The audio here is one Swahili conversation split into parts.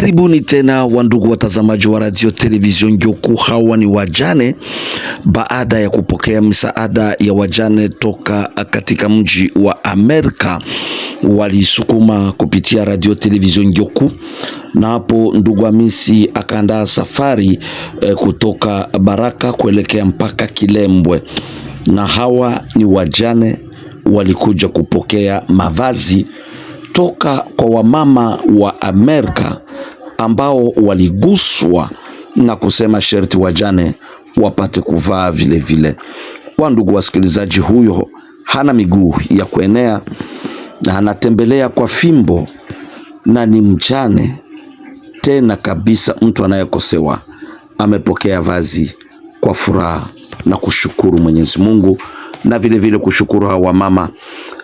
Karibuni tena wandugu watazamaji wa radio television Ngyoku. Hawa ni wajane baada ya kupokea misaada ya wajane toka katika mji wa Amerika, walisukuma kupitia radio television Ngyoku, na hapo ndugu Hamisi akaandaa safari eh, kutoka Baraka kuelekea mpaka Kilembwe, na hawa ni wajane walikuja kupokea mavazi toka kwa wamama wa Amerika ambao waliguswa na kusema sherti wajane wapate kuvaa vilevile. Kwa ndugu wasikilizaji, huyo hana miguu ya kuenea na anatembelea kwa fimbo na ni mjane tena kabisa. Mtu anayekosewa amepokea vazi kwa furaha na kushukuru Mwenyezi Mungu na vile vile kushukuru hawa mama.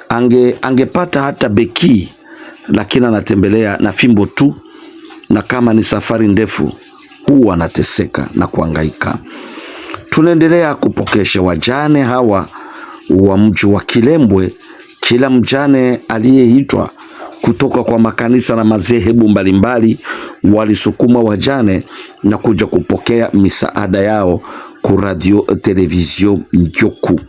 Ange angepata hata beki, lakini anatembelea na fimbo tu na kama ni safari ndefu huwa anateseka na kuangaika. Tunaendelea kupokesha wajane hawa wa mji wa Kilembwe, kila mjane aliyeitwa kutoka kwa makanisa na madhehebu mbalimbali walisukuma wajane na kuja kupokea misaada yao ku radio television Ngyoku.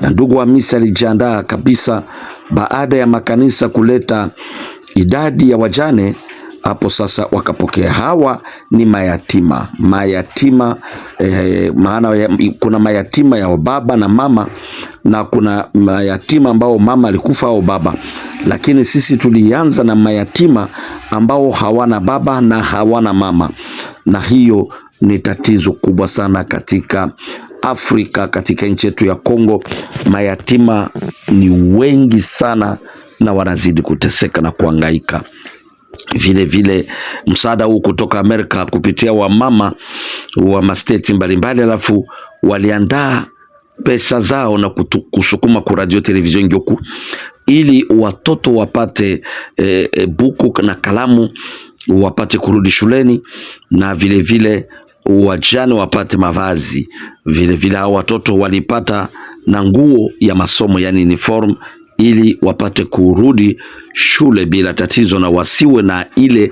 Na ndugu wa misa alijiandaa kabisa baada ya makanisa kuleta idadi ya wajane hapo sasa wakapokea. Hawa ni mayatima, mayatima eh, maana ya, kuna mayatima ya baba na mama na kuna mayatima ambao mama alikufa au baba, lakini sisi tulianza na mayatima ambao hawana baba na hawana mama, na hiyo ni tatizo kubwa sana katika Afrika, katika nchi yetu ya Kongo. Mayatima ni wengi sana na wanazidi kuteseka na kuangaika vile vile msaada huu kutoka Amerika kupitia wamama wa masteti mbalimbali, alafu waliandaa pesa zao na kutu, kusukuma ku radio television Ngyoku ili watoto wapate e, e, buku na kalamu wapate kurudi shuleni na vile vile wajane wapate mavazi vile hao watoto walipata na nguo ya masomo, yani uniform ili wapate kurudi shule bila tatizo na wasiwe na ile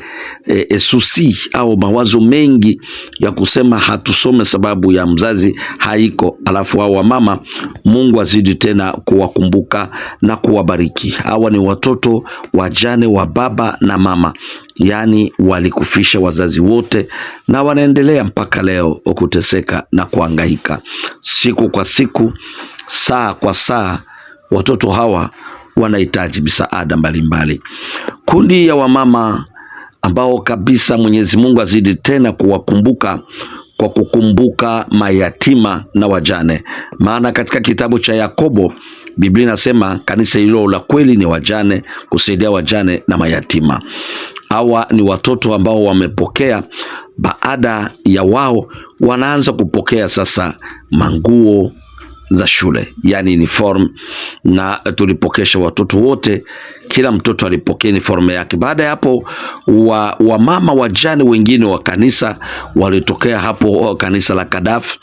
e, eh, esusi au mawazo mengi ya kusema hatusome sababu ya mzazi haiko. Alafu hao wamama, Mungu azidi tena kuwakumbuka na kuwabariki. Hawa ni watoto wajane wa baba na mama, yaani walikufisha wazazi wote na wanaendelea mpaka leo kuteseka na kuangaika siku kwa siku, saa kwa saa Watoto hawa wanahitaji misaada mbalimbali. Kundi ya wamama ambao kabisa Mwenyezi Mungu azidi tena kuwakumbuka kwa kukumbuka mayatima na wajane, maana katika kitabu cha Yakobo Biblia inasema kanisa hilo la kweli ni wajane, kusaidia wajane na mayatima. Hawa ni watoto ambao wamepokea, baada ya wao wanaanza kupokea sasa manguo za shule, yani uniform, na tulipokesha watoto wote, kila mtoto alipokea uniform yake. Baada ya hapo, wamama wa wajane wengine wa kanisa walitokea hapo oh, kanisa la kadaf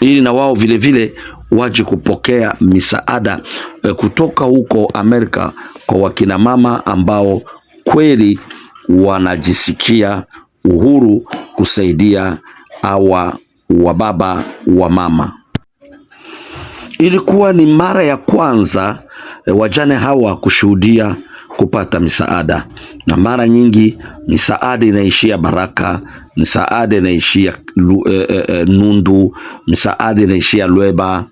ili na wao vilevile waje kupokea misaada eh, kutoka huko Amerika kwa wakina mama ambao kweli wanajisikia uhuru kusaidia awa wa baba wa mama. Ilikuwa ni mara ya kwanza e, wajane hawa kushuhudia kupata misaada, na mara nyingi misaada inaishia Baraka, misaada inaishia e, e, Nundu, misaada inaishia Lweba,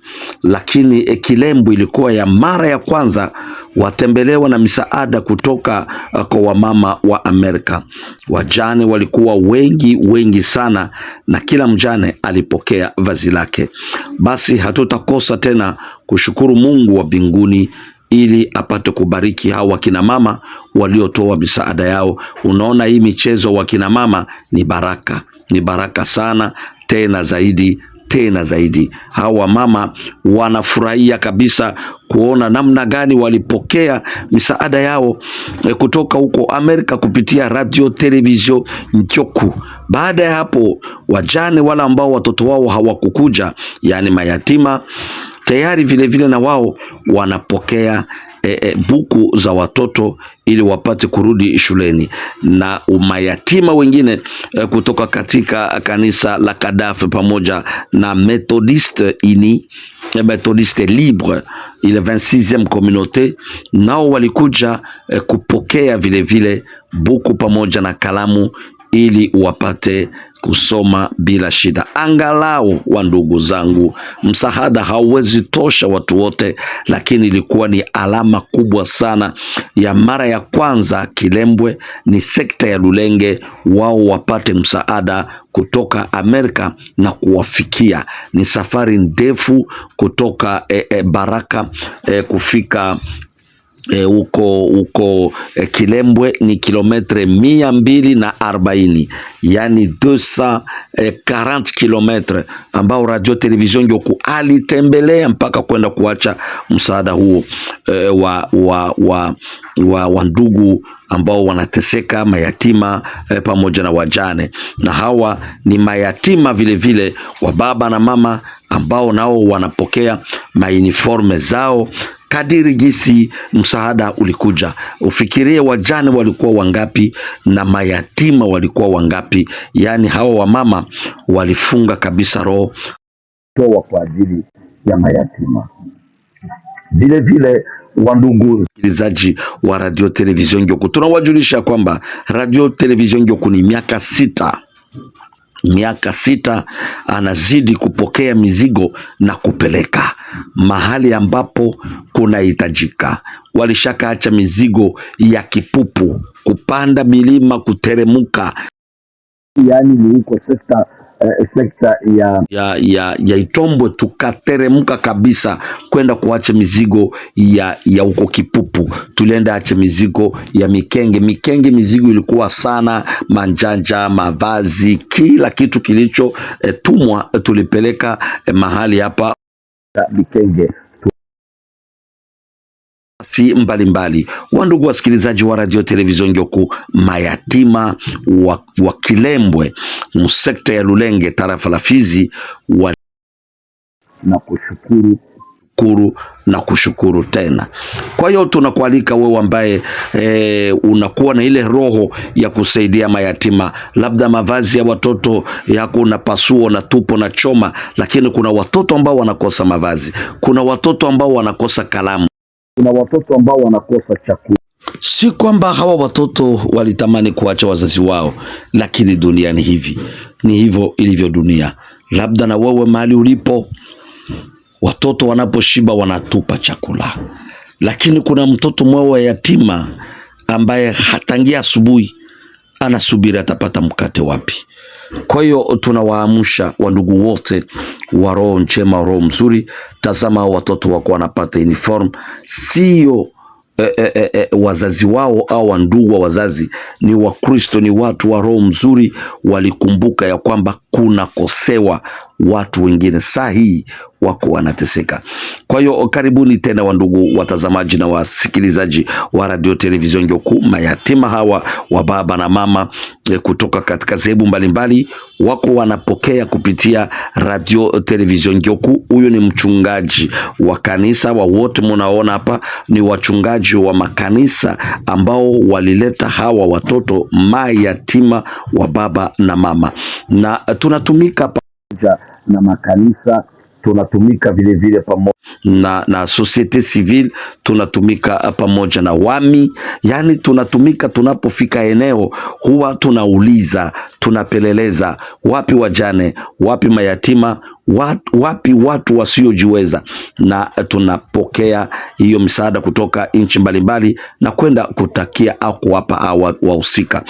lakini Ekilembu ilikuwa ya mara ya kwanza watembelewa na misaada kutoka uh, kwa wamama wa Amerika. Wajane walikuwa wengi wengi sana, na kila mjane alipokea vazi lake. Basi hatutakosa tena kushukuru Mungu wa mbinguni ili apate kubariki hao wakina mama waliotoa misaada yao. Unaona, hii michezo kina mama ni baraka, ni baraka sana, tena zaidi tena zaidi. Hawa wamama wanafurahia kabisa kuona namna gani walipokea misaada yao e, kutoka huko Amerika kupitia radio television Nchoku. Baada ya hapo, wajane wala ambao watoto wao hawakukuja, yaani mayatima, tayari vilevile vile na wao wanapokea e, e, buku za watoto ili wapate kurudi shuleni na mayatima wengine e, kutoka katika kanisa la Kadafe pamoja na Methodiste ini Methodiste libre ile 26e communauté nao walikuja e, kupokea vilevile vile buku pamoja na kalamu ili wapate kusoma bila shida, angalau wa ndugu zangu, msaada hauwezi tosha watu wote, lakini ilikuwa ni alama kubwa sana ya mara ya kwanza Kilembwe ni sekta ya Lulenge wao wapate msaada kutoka Amerika na kuwafikia. Ni safari ndefu kutoka e, e, Baraka e, kufika huko eh, e, eh, huko e, Kilembwe ni kilometre mia mbili na arobaini yani 240 eh, kilometre ambao radio television Ngyoku alitembelea mpaka kwenda kuacha msaada huo e, wa, wa, wa, wa, wa ndugu ambao wanateseka mayatima e, pamoja na wajane, na hawa ni mayatima vile vile, wa baba na mama ambao nao wanapokea mauniforme zao kadiri jinsi msaada ulikuja. Ufikirie wajane walikuwa wangapi na mayatima walikuwa wangapi? Yaani hawa wamama walifunga kabisa roho toa kwa ajili ya mayatima. Vile vile wandugu msikilizaji wa Radio Television Ngyoku, tunawajulisha kwamba Radio Television Ngyoku ni miaka sita miaka sita anazidi kupokea mizigo na kupeleka mahali ambapo kunahitajika. Walishakaacha mizigo ya kipupu, kupanda milima, kuteremuka, yaani ni huko sekta uh, sekta ya, ya, ya, ya Itombwe tukateremka kabisa kwenda kuacha mizigo ya ya uko Kipupu, tulienda acha mizigo ya Mikenge. Mikenge mizigo ilikuwa sana, manjanja, mavazi, kila kitu kilichotumwa eh, tulipeleka eh, mahali hapa Mikenge taasisi mbalimbali. Wandugu wasikilizaji wa radio television Ngyoku, mayatima wa, wa Kilembwe msekta ya Lulenge tarafa la Fizi wa... na kushukuru kuru na kushukuru tena. Kwa hiyo tunakualika wewe ambaye e, unakuwa na ile roho ya kusaidia mayatima, labda mavazi ya watoto yako na pasuo na tupo na choma, lakini kuna watoto ambao wanakosa mavazi, kuna watoto ambao wanakosa kalamu kuna watoto ambao wanakosa chakula. Si kwamba hawa watoto walitamani kuacha wazazi wao, lakini dunia ni hivi, ni hivyo ilivyo dunia. Labda na wewe mahali ulipo, watoto wanaposhiba wanatupa chakula, lakini kuna mtoto mwewe yatima ambaye hatangia asubuhi anasubiri atapata mkate wapi. Kwa hiyo tunawaamsha wandugu wote wa roho njema, roho mzuri. Tazama watoto wako wanapata uniform, sio E, e, e, e wazazi wao au wandugu wa wazazi ni Wakristo, ni watu wa roho mzuri, walikumbuka ya kwamba kuna kosewa watu wengine saa hii wako wanateseka. Kwa hiyo karibuni tena wandugu watazamaji na wasikilizaji wa radio television Ngyoku, mayatima hawa wa baba na mama eh, kutoka katika sehemu mbalimbali wako wanapokea kupitia radio television Ngyoku. Huyu ni mchungaji wa kanisa wa wote munaona hapa ni wachungaji wa makanisa ambao walileta hawa watoto mayatima wa baba na mama, na tunatumika pamoja na makanisa tunatumika vile vile pamoja na, na societe civile tunatumika uh, pamoja na wami, yani tunatumika. Tunapofika eneo huwa tunauliza tunapeleleza wapi wajane, wapi mayatima, wapi watu wasiojiweza, na tunapokea hiyo msaada kutoka nchi mbalimbali na kwenda kutakia au kuwapa hawa wahusika.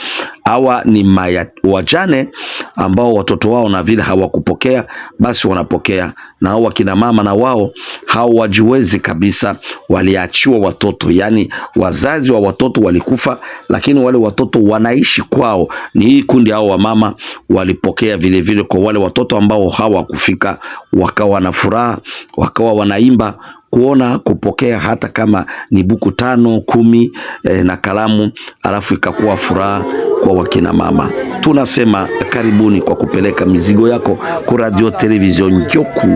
Hawa ni mayat, wajane ambao watoto wao na vile hawakupokea, basi wanapokea, na hao wakina mama na wao hawajiwezi kabisa, waliachiwa watoto, yaani wazazi wa watoto walikufa, lakini wale watoto wanaishi kwao, ni hii kundi hao wamama walipokea vilevile vile. Kwa wale watoto ambao hawakufika wakawa na furaha, wakawa wanaimba kuona kupokea hata kama ni buku tano kumi eh, na kalamu, alafu ikakuwa furaha kwa wakina mama. Tunasema karibuni kwa kupeleka mizigo yako kwa radio television Ngyoku.